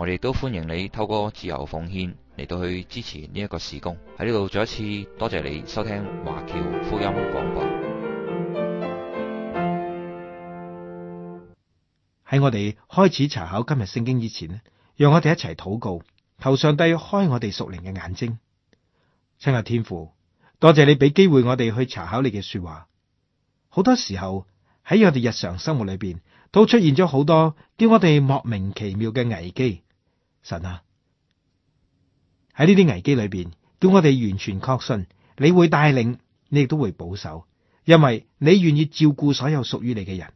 我哋都歡迎你透過自由奉獻嚟到去支持呢一個事工。喺呢度再一次多謝你收聽華僑福音廣播。喺我哋開始查考今日聖經以前咧，讓我哋一齊禱告，求上帝開我哋屬靈嘅眼睛。親愛天父，多謝你俾機會我哋去查考你嘅說話。好多時候喺我哋日常生活裏邊都出現咗好多叫我哋莫名其妙嘅危機。神啊，喺呢啲危機裏邊，叫我哋完全確信你會帶領，你亦都會保守，因為你願意照顧所有屬於你嘅人。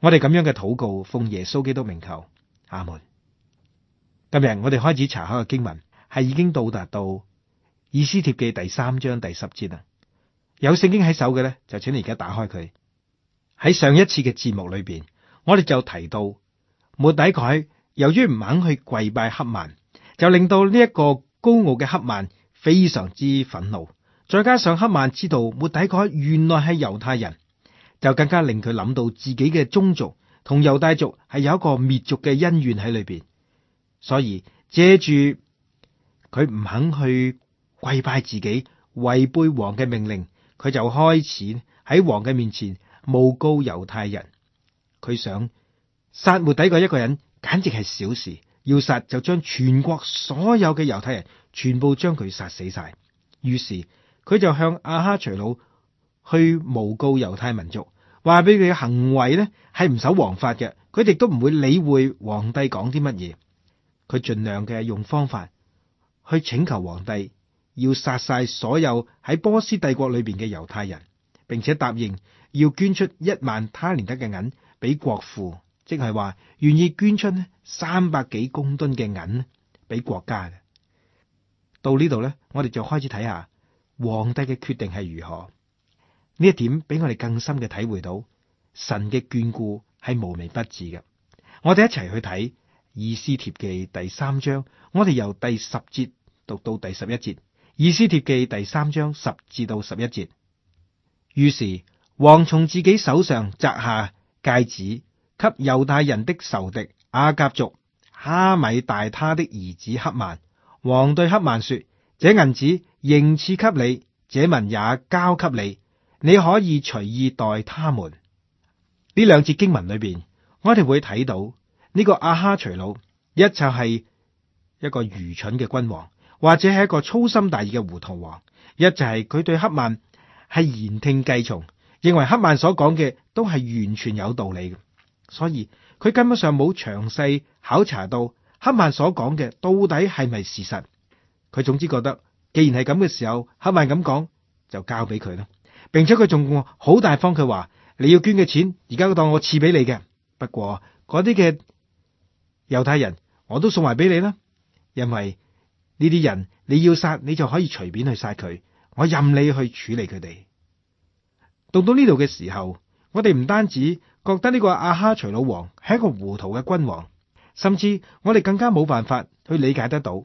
我哋咁樣嘅禱告，奉耶穌基督名求，阿門。今日我哋開始查下嘅經文，係已經到達到《以斯帖記》第三章第十節啦。有聖經喺手嘅咧，就請你而家打開佢。喺上一次嘅節目裏邊，我哋就提到末底改。由於唔肯去跪拜黑曼，就令到呢一個高傲嘅黑曼非常之憤怒。再加上黑曼知道末底改原來係猶太人，就更加令佢諗到自己嘅宗族同猶大族係有一個滅族嘅恩怨喺裏邊。所以借住佢唔肯去跪拜自己，違背王嘅命令，佢就開始喺王嘅面前誣告猶太人。佢想殺末底改一個人。簡直係小事，要殺就將全國所有嘅猶太人全部將佢殺死晒。於是佢就向亞哈隨魯去誣告猶太民族，話俾佢嘅行為咧，係唔守王法嘅。佢哋都唔會理會皇帝講啲乜嘢，佢盡量嘅用方法去請求皇帝要殺晒所有喺波斯帝國裏邊嘅猶太人，並且答應要捐出一萬他連德嘅銀俾國庫。即係話願意捐出三百幾公噸嘅銀呢，俾國家嘅。到呢度咧，我哋就開始睇下皇帝嘅決定係如何呢？呢一點俾我哋更深嘅體會到神嘅眷顧係無微不至嘅。我哋一齊去睇《以斯帖記》第三章，我哋由第十節讀到第十一節，《以斯帖記》第三章十至到十一節。於是王從自己手上摘下戒指。給猶太人的仇敵阿甲族哈米大他的兒子黑曼，王對黑曼說：這銀子仍賜給你，這民也交給你，你可以隨意待他們。呢兩節經文裏邊，我哋會睇到呢、這個阿哈隨魯，一就係一個愚蠢嘅君王，或者係一個粗心大意嘅糊塗王；一就係佢對黑曼係言聽計從，認為黑曼所講嘅都係完全有道理嘅。所以佢根本上冇詳細考察到哈曼所講嘅到底係咪事實。佢總之覺得既然係咁嘅時候，哈曼咁講就交俾佢啦，並且佢仲好大方，佢話你要捐嘅錢而家當我賜俾你嘅。不過嗰啲嘅猶太人我都送埋俾你啦，因為呢啲人你要殺你就可以隨便去殺佢，我任你去處理佢哋。到到呢度嘅時候，我哋唔單止。覺得呢個阿哈隨老王係一個糊塗嘅君王，甚至我哋更加冇辦法去理解得到。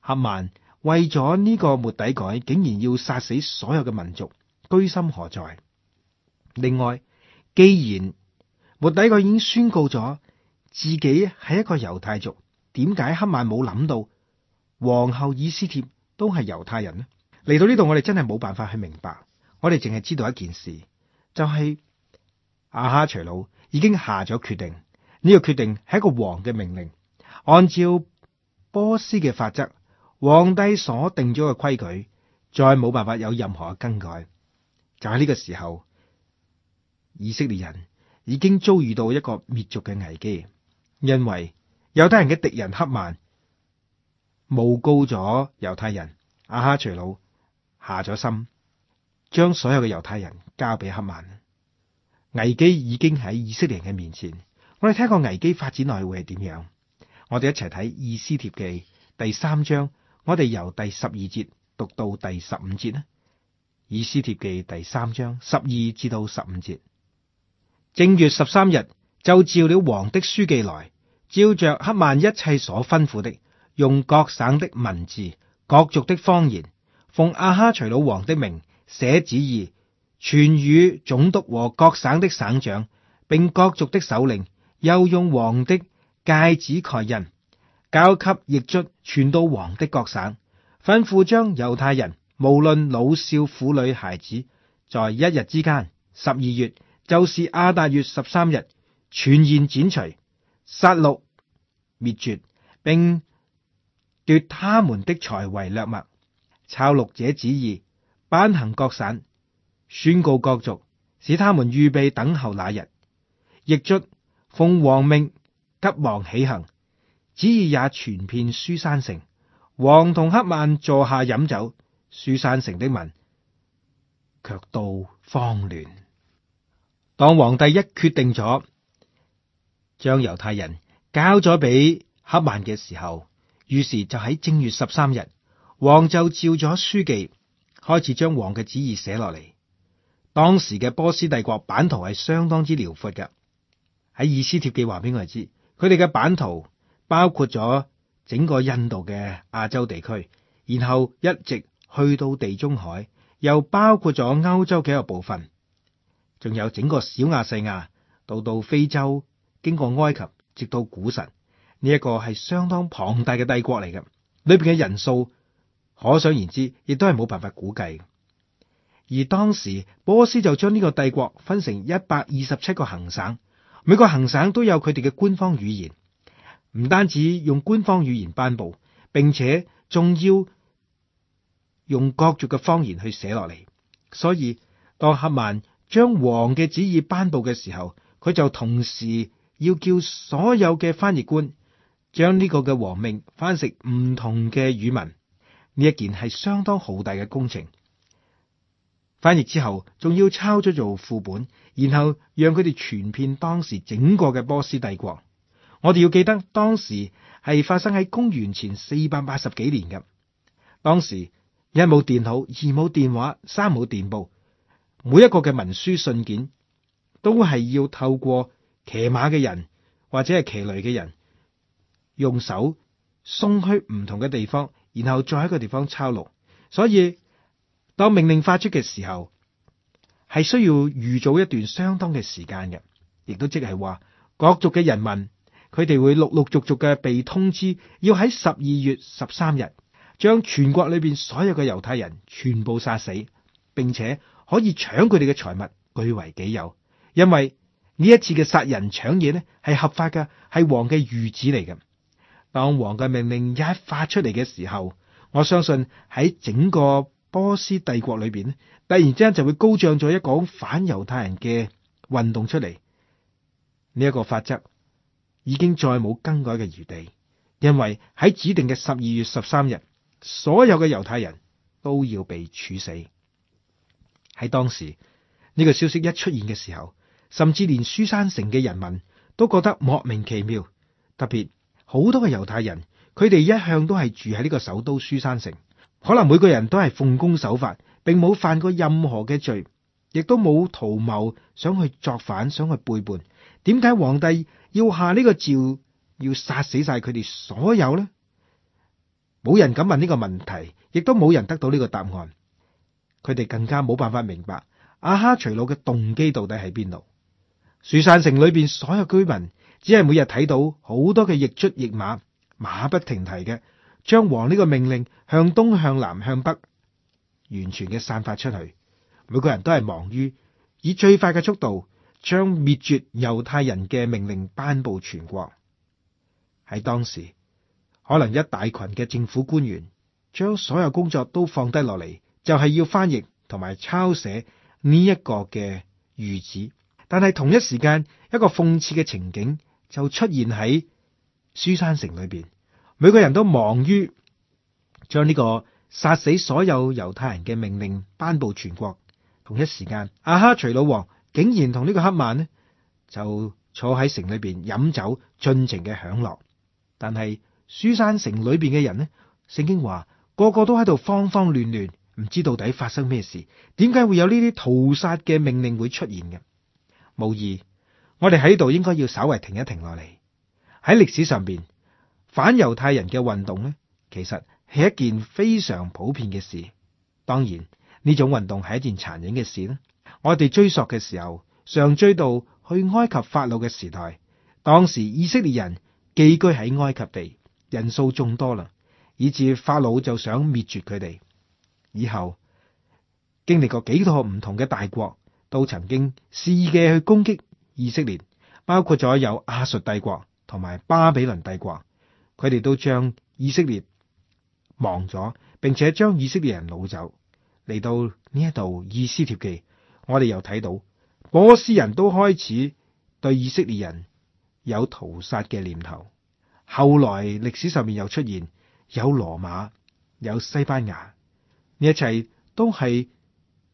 黑曼為咗呢個末底改，竟然要殺死所有嘅民族，居心何在？另外，既然末底改已經宣告咗自己係一個猶太族，點解黑曼冇諗到皇后以斯帖都係猶太人呢？嚟到呢度，我哋真係冇辦法去明白。我哋淨係知道一件事，就係、是。亞哈隨魯已經下咗決定，呢個決定係一個王嘅命令。按照波斯嘅法則，皇帝所定咗嘅規矩，再冇辦法有任何嘅更改。就喺呢個時候，以色列人已經遭遇到一個滅族嘅危機，因為猶太人嘅敵人黑曼誣告咗猶太人。亞哈隨魯下咗心，將所有嘅猶太人交俾黑曼。危機已經喺以色列人嘅面前，我哋睇一個危機發展內會係點樣？我哋一齊睇《以斯帖記》第三章，我哋由第十二節讀到第十五節呢，《以斯帖記》第三章十二至到十五節。正月十三日，就召了王的書記來，照着黑曼一切所吩咐的，用各省的文字、各族的方言，奉阿哈隨魯王的名寫旨意。傳與總督和各省的省長，並各族的首領，又用王的戒指蓋印，交給驛卒傳到王的各省，吩咐將猶太人，無論老少婦女孩子，在一日之間，十二月，就是亞達月十三日，全然剪除、殺戮、滅絕，並奪他們的財為掠物，抄錄這旨意，頒行各省。宣告各族，使他們預備等候那日。亦卒奉王命，急忙起行。旨意也全遍書山城。王同黑曼坐下飲酒。書山城的民卻都慌亂。當皇帝一決定咗將猶太人交咗俾黑曼嘅時候，於是就喺正月十三日，王就召咗書記開始將王嘅旨意寫落嚟。當時嘅波斯帝國版圖係相當之遼闊嘅，喺《以斯帖記》話俾我哋知，佢哋嘅版圖包括咗整個印度嘅亞洲地區，然後一直去到地中海，又包括咗歐洲嘅一個部分，仲有整個小亞細亞到到非洲，經過埃及，直到古神，呢一個係相當龐大嘅帝國嚟嘅，裏邊嘅人數可想而知，亦都係冇辦法估計。而當時波斯就將呢個帝國分成一百二十七個行省，每個行省都有佢哋嘅官方語言。唔單止用官方語言頒布，並且仲要用各族嘅方言去寫落嚟。所以當哈曼將王嘅旨意頒布嘅時候，佢就同時要叫所有嘅翻譯官將呢個嘅王命翻譯成唔同嘅語文。呢一件係相當浩大嘅工程。翻譯之後，仲要抄咗做副本，然後讓佢哋傳遍當時整個嘅波斯帝國。我哋要記得，當時係發生喺公元前四百八十幾年嘅。當時一冇電腦，二冇電話，三冇電報，每一個嘅文書信件都係要透過騎馬嘅人或者係騎驢嘅人，用手送去唔同嘅地方，然後再喺個地方抄錄。所以。當命令發出嘅時候，係需要預早一段相當嘅時間嘅，亦都即係話各族嘅人民，佢哋會陸陸續續嘅被通知，要喺十二月十三日，將全國裏邊所有嘅猶太人全部殺死，並且可以搶佢哋嘅財物據為己有。因為呢一次嘅殺人搶嘢呢，係合法嘅，係王嘅御旨嚟嘅。當王嘅命令一發出嚟嘅時候，我相信喺整個。波斯帝國裏邊咧，突然之間就會高漲咗一講反猶太人嘅運動出嚟。呢、這、一個法則已經再冇更改嘅餘地，因為喺指定嘅十二月十三日，所有嘅猶太人都要被處死。喺當時呢、這個消息一出現嘅時候，甚至連書珊城嘅人民都覺得莫名其妙。特別好多嘅猶太人，佢哋一向都係住喺呢個首都書珊城。可能每個人都係奉公守法，並冇犯過任何嘅罪，亦都冇圖謀想去作反、想去背叛。點解皇帝要下呢個詔，要殺死晒佢哋所有呢？冇人敢問呢個問題，亦都冇人得到呢個答案。佢哋更加冇辦法明白亞哈隨魯嘅動機到底喺邊度。書珊城裏邊所有居民，只係每日睇到好多嘅驛卒驛馬，馬不停蹄嘅。將王呢個命令向東、向南、向北，完全嘅散發出去。每個人都係忙於以最快嘅速度將滅絕猶太人嘅命令頒布全國。喺當時，可能一大群嘅政府官員將所有工作都放低落嚟，就係、是、要翻譯同埋抄寫呢一個嘅諭旨。但係同一時間，一個諷刺嘅情景就出現喺書山城裏邊。每個人都忙於將呢個殺死所有猶太人嘅命令頒布全國。同一時間，亞哈隨魯王竟然同呢個黑曼呢就坐喺城裏邊飲酒盡情嘅享樂。但係書珊城裏邊嘅人呢？聖經話個個都喺度慌慌亂亂，唔知到底發生咩事，點解會有呢啲屠殺嘅命令會出現嘅？無疑，我哋喺度應該要稍為停一停落嚟喺歷史上邊。反猶太人嘅運動呢，其實係一件非常普遍嘅事。當然呢種運動係一件殘忍嘅事啦。我哋追溯嘅時候，常追到去埃及法老嘅時代。當時以色列人寄居喺埃及地，人數眾多啦，以致法老就想滅絕佢哋。以後經歷過幾多唔同嘅大國，都曾經試嘅去攻擊以色列，包括咗有亞述帝國同埋巴比倫帝國。佢哋都將以色列忘咗，並且將以色列人擄走，嚟到呢一度《以斯帖記》我，我哋又睇到波斯人都開始對以色列人有屠殺嘅念頭。後來歷史上面又出現有羅馬、有西班牙，呢一切都係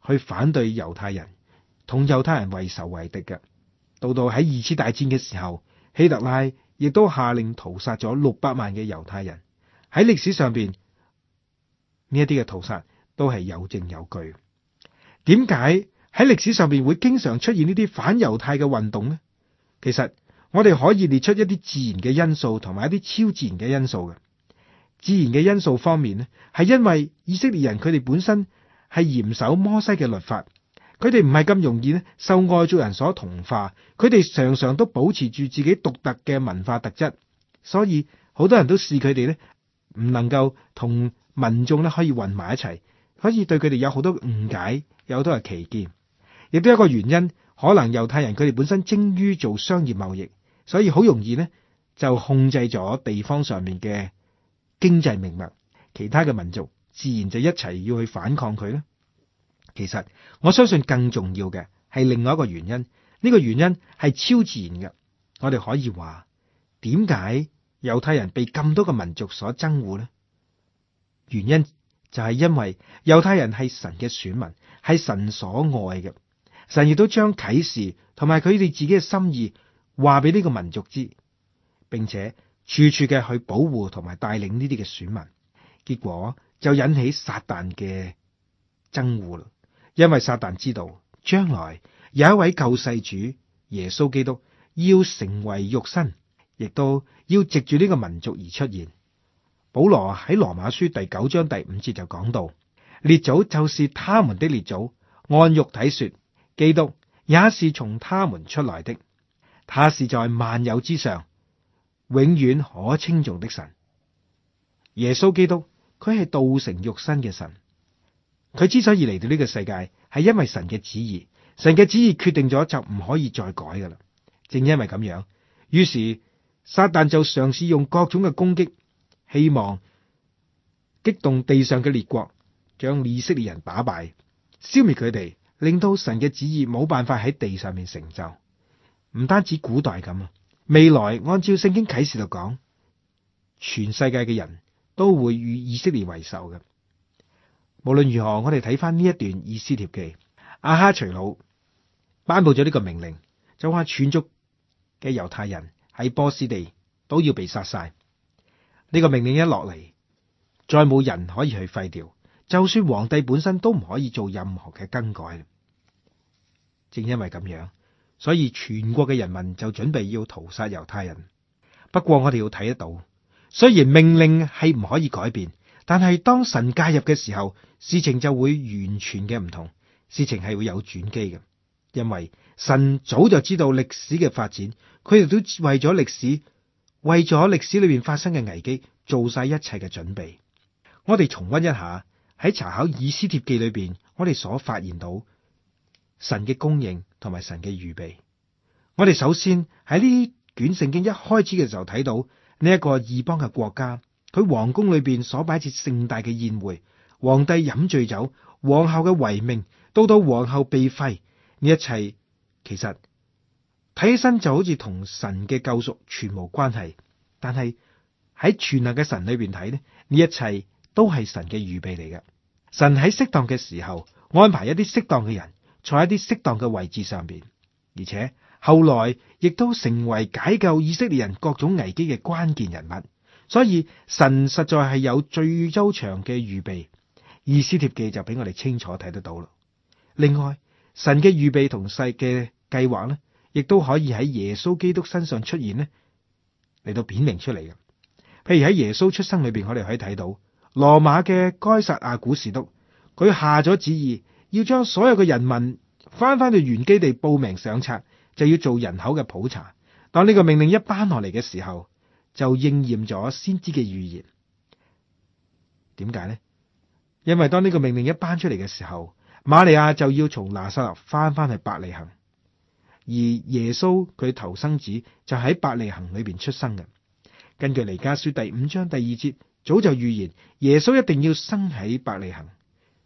去反對猶太人，同猶太人為仇為敵嘅。到到喺二次大戰嘅時候，希特拉。亦都下令屠殺咗六百萬嘅猶太人。喺歷史上邊呢一啲嘅屠殺都係有證有據。點解喺歷史上邊會經常出現呢啲反猶太嘅運動呢？其實我哋可以列出一啲自然嘅因素同埋一啲超自然嘅因素嘅。自然嘅因素方面呢，係因為以色列人佢哋本身係嚴守摩西嘅律法。佢哋唔係咁容易咧，受外族人所同化。佢哋常常都保持住自己獨特嘅文化特質，所以好多人都視佢哋咧唔能夠同民眾咧可以混埋一齊，可以對佢哋有好多誤解，有好多係歧見。亦都有一個原因，可能猶太人佢哋本身精於做商業貿易，所以好容易咧就控制咗地方上面嘅經濟命脈。其他嘅民族自然就一齊要去反抗佢啦。其實我相信更重要嘅係另外一個原因，呢個原因係超自然嘅。我哋可以話，點解猶太人被咁多個民族所憎惡呢？原因就係因為猶太人係神嘅選民，係神所愛嘅，神亦都將啟示同埋佢哋自己嘅心意話俾呢個民族知，並且處處嘅去保護同埋帶領呢啲嘅選民，結果就引起撒旦嘅憎惡因為撒旦知道將來有一位救世主耶穌基督要成為肉身，亦都要藉住呢個民族而出現。保羅喺羅馬書第九章第五節就講到：列祖就是他們的列祖，按肉體說，基督也是從他們出來的。他是在萬有之上，永遠可稱頌的神。耶穌基督，佢係道成肉身嘅神。佢之所以嚟到呢個世界，係因為神嘅旨意。神嘅旨意決定咗就唔可以再改噶啦。正因為咁樣，於是撒旦就嘗試用各種嘅攻擊，希望激動地上嘅列國，將以色列人打敗，消滅佢哋，令到神嘅旨意冇辦法喺地上面成就。唔單止古代咁啊，未來按照聖經啟示度講，全世界嘅人都會與以色列為仇嘅。無論如何，我哋睇翻呢一段以斯帖記，亞哈隨魯頒布咗呢個命令，就話全族嘅猶太人喺波斯地都要被殺晒。呢、呢個命令一落嚟，再冇人可以去廢掉，就算皇帝本身都唔可以做任何嘅更改。正因為咁樣，所以全國嘅人民就準備要屠殺猶太人。不過我哋要睇得到，雖然命令係唔可以改變。但係當神介入嘅時候，事情就會完全嘅唔同，事情係會有轉機嘅，因為神早就知道歷史嘅發展，佢哋都為咗歷史，為咗歷史裏面發生嘅危機做曬一切嘅準備。我哋重溫一下喺查考以斯帖記裏邊，我哋所發現到神嘅供應同埋神嘅預備。我哋首先喺呢卷聖經一開始嘅時候睇到呢一個異邦嘅國家。佢皇宮裏邊所擺設盛大嘅宴會，皇帝飲醉酒，皇后嘅遺命，到到皇后被廢，呢一切其實睇起身就好似同神嘅救贖全無關係。但係喺全能嘅神裏邊睇咧，呢一切都係神嘅預備嚟嘅。神喺適當嘅時候安排一啲適當嘅人，坐喺啲適當嘅位置上邊，而且後來亦都成為解救以色列人各種危機嘅關鍵人物。所以神實在係有最悠長嘅預備，《以斯帖記》就俾我哋清楚睇得到啦。另外，神嘅預備同世嘅計劃呢，亦都可以喺耶穌基督身上出現呢嚟到顯明出嚟嘅。譬如喺耶穌出生裏邊，我哋可以睇到羅馬嘅該撒亞古士督，佢下咗旨意，要將所有嘅人民翻翻去原基地報名上冊，就要做人口嘅普查。當呢個命令一頒落嚟嘅時候，就應驗咗先知嘅預言，點解呢？因為當呢個命令一頒出嚟嘅時候，瑪利亞就要從拿撒勒翻翻去伯利恆。而耶穌佢頭生子就喺伯利恆裏邊出生嘅。根據彌迦書第五章第二節，早就預言耶穌一定要生喺伯利恆。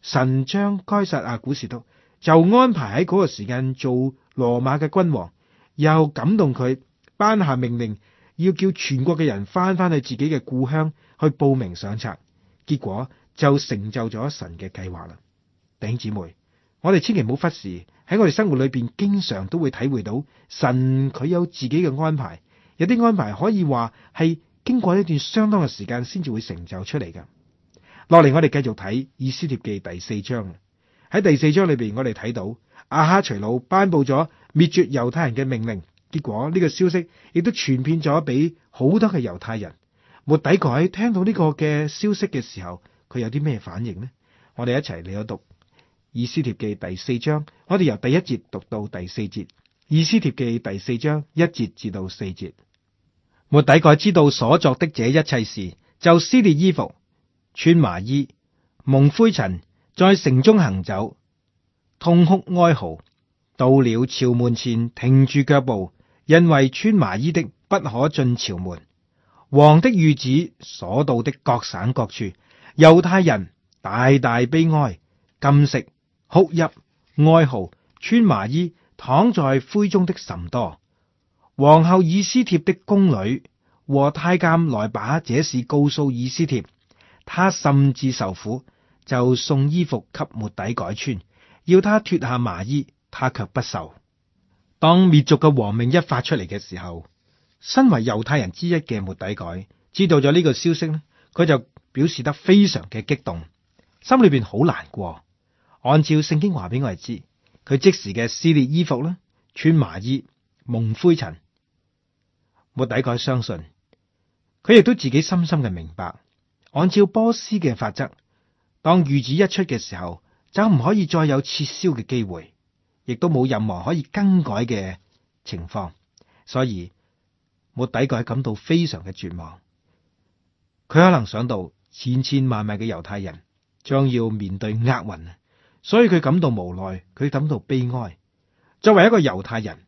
神將該撒亞古士督就安排喺嗰個時間做羅馬嘅君王，又感動佢頒下命令。要叫全國嘅人返返去自己嘅故鄉去報名上冊，結果就成就咗神嘅計劃啦。弟兄姊妹，我哋千祈唔好忽視喺我哋生活裏邊，經常都會體會到神佢有自己嘅安排，有啲安排可以話係經過一段相當嘅時間先至會成就出嚟噶。落嚟我哋繼續睇《以斯帖記》第四章，喺第四章裏邊我哋睇到亞哈隨魯頒布咗滅絕猶太人嘅命令。結果呢個消息亦都傳遍咗俾好多嘅猶太人。末底改聽到呢個嘅消息嘅時候，佢有啲咩反應呢？我哋一齊嚟咗讀《以斯帖記》第四章，我哋由第一節讀到第四節，《以斯帖記》第四章一節至到四節。末底改知道所作的這一切事，就撕裂衣服，穿麻衣，蒙灰塵，在城中行走，痛哭哀嚎，到了朝門前停住腳步。因為穿麻衣的不可進朝門，王的諭旨所到的各省各處，猶太人大大悲哀，禁食、哭泣、哀號，穿麻衣躺在灰中的甚多。皇后以斯帖的宮女和太監來把這事告訴以斯帖，他甚至受苦，就送衣服給末底改穿，要他脫下麻衣，他卻不受。當滅族嘅王命一發出嚟嘅時候，身為猶太人之一嘅末底改知道咗呢個消息咧，佢就表示得非常嘅激動，心裏面好難過。按照聖經話俾我哋知，佢即時嘅撕裂衣服啦，穿麻衣，蒙灰塵。末底改相信佢亦都自己深深嘅明白，按照波斯嘅法則，當諭旨一出嘅時候，就唔可以再有撤銷嘅機會。亦都冇任何可以更改嘅情況，所以末底改感到非常嘅絕望。佢可能想到千千萬萬嘅猶太人將要面對厄運，所以佢感到無奈，佢感到悲哀。作為一個猶太人，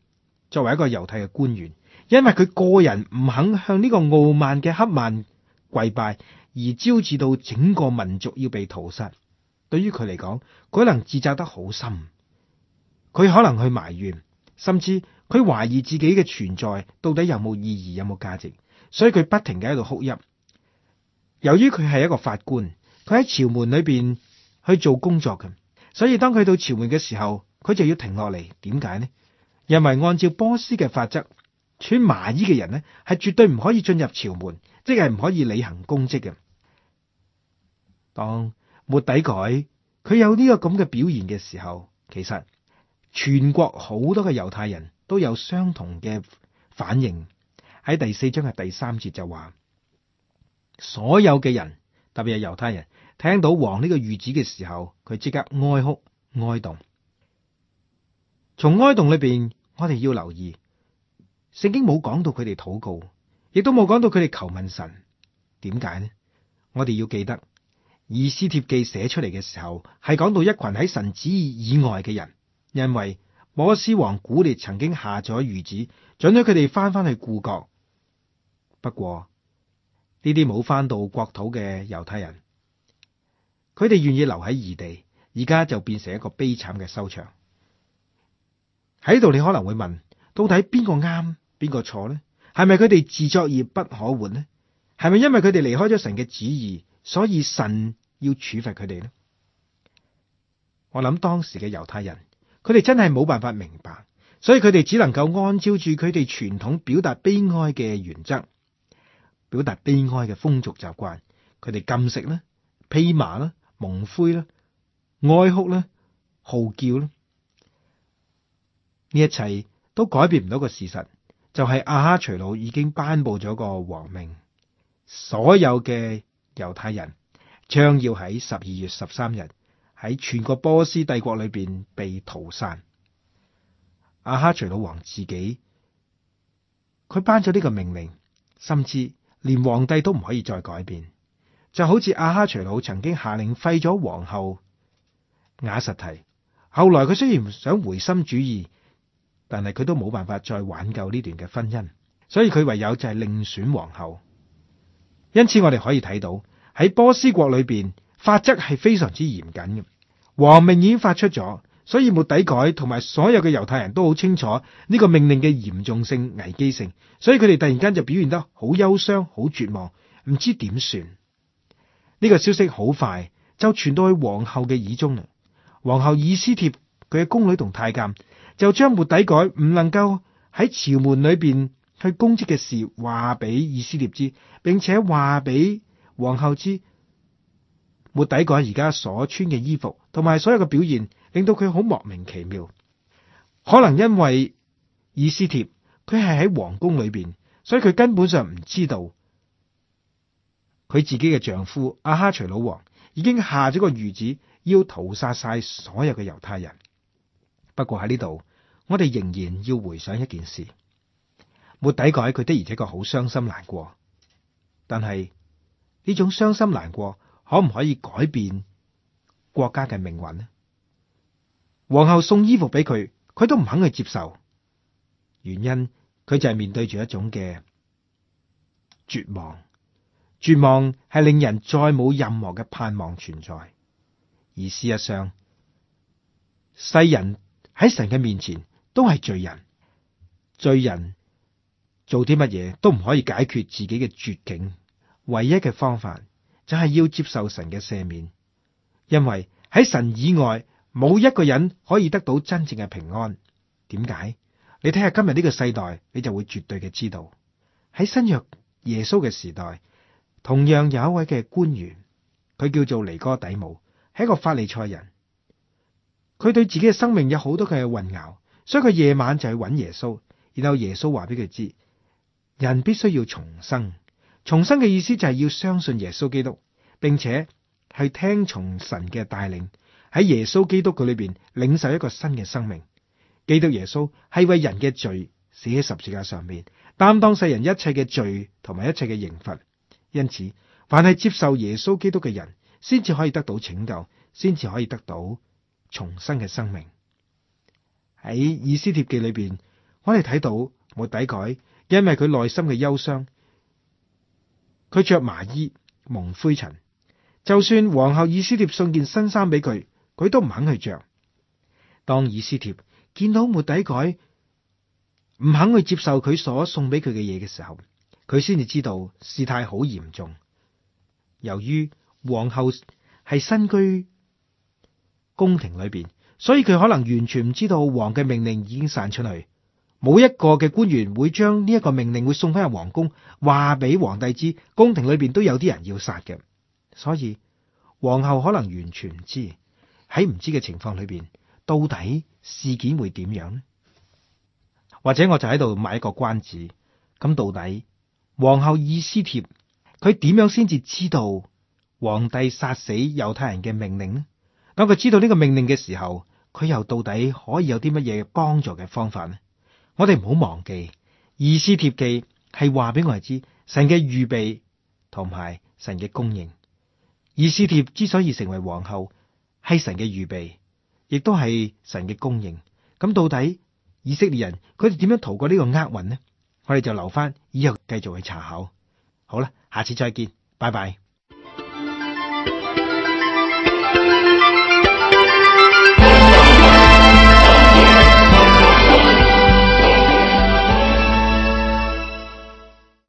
作為一個猶太嘅官員，因為佢個人唔肯向呢個傲慢嘅黑曼跪拜，而招致到整個民族要被屠殺，對於佢嚟講，佢可能自責得好深。佢可能去埋怨，甚至佢懷疑自己嘅存在到底有冇意義，有冇價值，所以佢不停嘅喺度哭泣。由於佢係一個法官，佢喺朝門裏面去做工作嘅，所以當佢到朝門嘅時候，佢就要停落嚟。點解呢？因為按照波斯嘅法則，穿麻衣嘅人呢係絕對唔可以進入朝門，即係唔可以履行公職嘅。當末底改，佢有呢個咁嘅表現嘅時候，其實。全國好多嘅猶太人都有相同嘅反應。喺第四章嘅第三節就話，所有嘅人特別係猶太人聽到王呢個諭旨嘅時候，佢即刻哀哭哀動。從哀動裏邊，我哋要留意，聖經冇講到佢哋禱告，亦都冇講到佢哋求問神，點解呢？我哋要記得，以斯帖記寫出嚟嘅時候係講到一群喺神旨意以外嘅人。因為波斯王古列曾經下咗諭旨，准咗佢哋翻翻去故國。不過呢啲冇翻到國土嘅猶太人，佢哋願意留喺異地，而家就變成一個悲慘嘅收場。喺度你可能會問：到底邊個啱，邊個錯呢？係咪佢哋自作孽不可活呢？係咪因為佢哋離開咗神嘅旨意，所以神要處罰佢哋呢？我諗當時嘅猶太人。佢哋真係冇辦法明白，所以佢哋只能夠按照住佢哋傳統表達悲哀嘅原則，表達悲哀嘅風俗習慣。佢哋禁食啦，披麻啦，蒙灰啦，哀哭啦，嚎叫啦。呢一切都改變唔到個事實，就係、是、亞哈隨魯已經頒佈咗個王命，所有嘅猶太人將要喺十二月十三日。喺全個波斯帝國裏邊被屠殺，亞哈隨魯王自己，佢頒咗呢個命令，甚至連皇帝都唔可以再改變。就好似亞哈隨魯曾經下令廢咗皇后瓦實提，後來佢雖然唔想回心轉意，但係佢都冇辦法再挽救呢段嘅婚姻，所以佢唯有就係另選皇后。因此我哋可以睇到喺波斯國裏邊，法則係非常之嚴謹嘅。王命已經發出咗，所以末底改，同埋所有嘅猶太人都好清楚呢個命令嘅嚴重性、危機性，所以佢哋突然間就表現得好憂傷、好絕望，唔知點算。呢、這個消息好快就傳到去皇后嘅耳中啦。皇后以斯帖佢嘅宮女同太監就將末底改唔能夠喺朝門裏邊去供職嘅事話俾以斯帖知，並且話俾皇后知，末底改而家所穿嘅衣服。同埋所有嘅表現，令到佢好莫名其妙。可能因為以斯帖佢係喺皇宮裏邊，所以佢根本上唔知道佢自己嘅丈夫亞哈隨魯王已經下咗個諭旨，要屠殺晒所有嘅猶太人。不過喺呢度，我哋仍然要回想一件事，末底改佢的而且確好傷心難過。但係呢種傷心難過可唔可以改變？國家嘅命運呢？皇后送衣服俾佢，佢都唔肯去接受。原因佢就係面對住一種嘅絕望，絕望係令人再冇任何嘅盼望存在。而事實上，世人喺神嘅面前都係罪人，罪人做啲乜嘢都唔可以解決自己嘅絕境，唯一嘅方法就係要接受神嘅赦免。因為喺神以外冇一個人可以得到真正嘅平安。點解？你睇下今日呢個世代，你就會絕對嘅知道。喺新約耶穌嘅時代，同樣有一位嘅官員，佢叫做尼哥底母，係一個法利賽人。佢對自己嘅生命有好多嘅混淆，所以佢夜晚就去揾耶穌，然後耶穌話俾佢知，人必須要重生。重生嘅意思就係要相信耶穌基督，並且，係聽從神嘅帶領，喺耶穌基督佢裏邊領受一個新嘅生命。基督耶穌係為人嘅罪死喺十字架上面，擔當世人一切嘅罪同埋一切嘅刑罰。因此，凡係接受耶穌基督嘅人，先至可以得到拯救，先至可以得到重生嘅生命。喺以斯帖記裏邊，我哋睇到末底改，因為佢內心嘅憂傷，佢着麻衣，蒙灰塵。就算皇后以斯帖送件新衫俾佢，佢都唔肯去着。當以斯帖見到末底改，佢唔肯去接受佢所送俾佢嘅嘢嘅時候，佢先至知道事態好嚴重。由於皇后係身居宮廷裏邊，所以佢可能完全唔知道王嘅命令已經散出去，冇一個嘅官員會將呢一個命令會送翻入皇宮，話俾皇帝知。宮廷裏邊都有啲人要殺嘅。所以皇后可能完全唔知，喺唔知嘅情況裏邊，到底事件會點樣呢？或者我就喺度賣一個關子。咁到底皇后以斯帖佢點樣先至知道皇帝殺死猶太人嘅命令呢？當佢知道呢個命令嘅時候，佢又到底可以有啲乜嘢幫助嘅方法呢？我哋唔好忘記，以斯帖記係話俾我哋知神嘅預備同埋神嘅供應。以斯帖之所以成為皇后，係神嘅預備，亦都係神嘅供應。咁到底以色列人佢哋點樣逃過呢個厄運呢？我哋就留翻以後繼續去查考。好啦，下次再見，拜拜。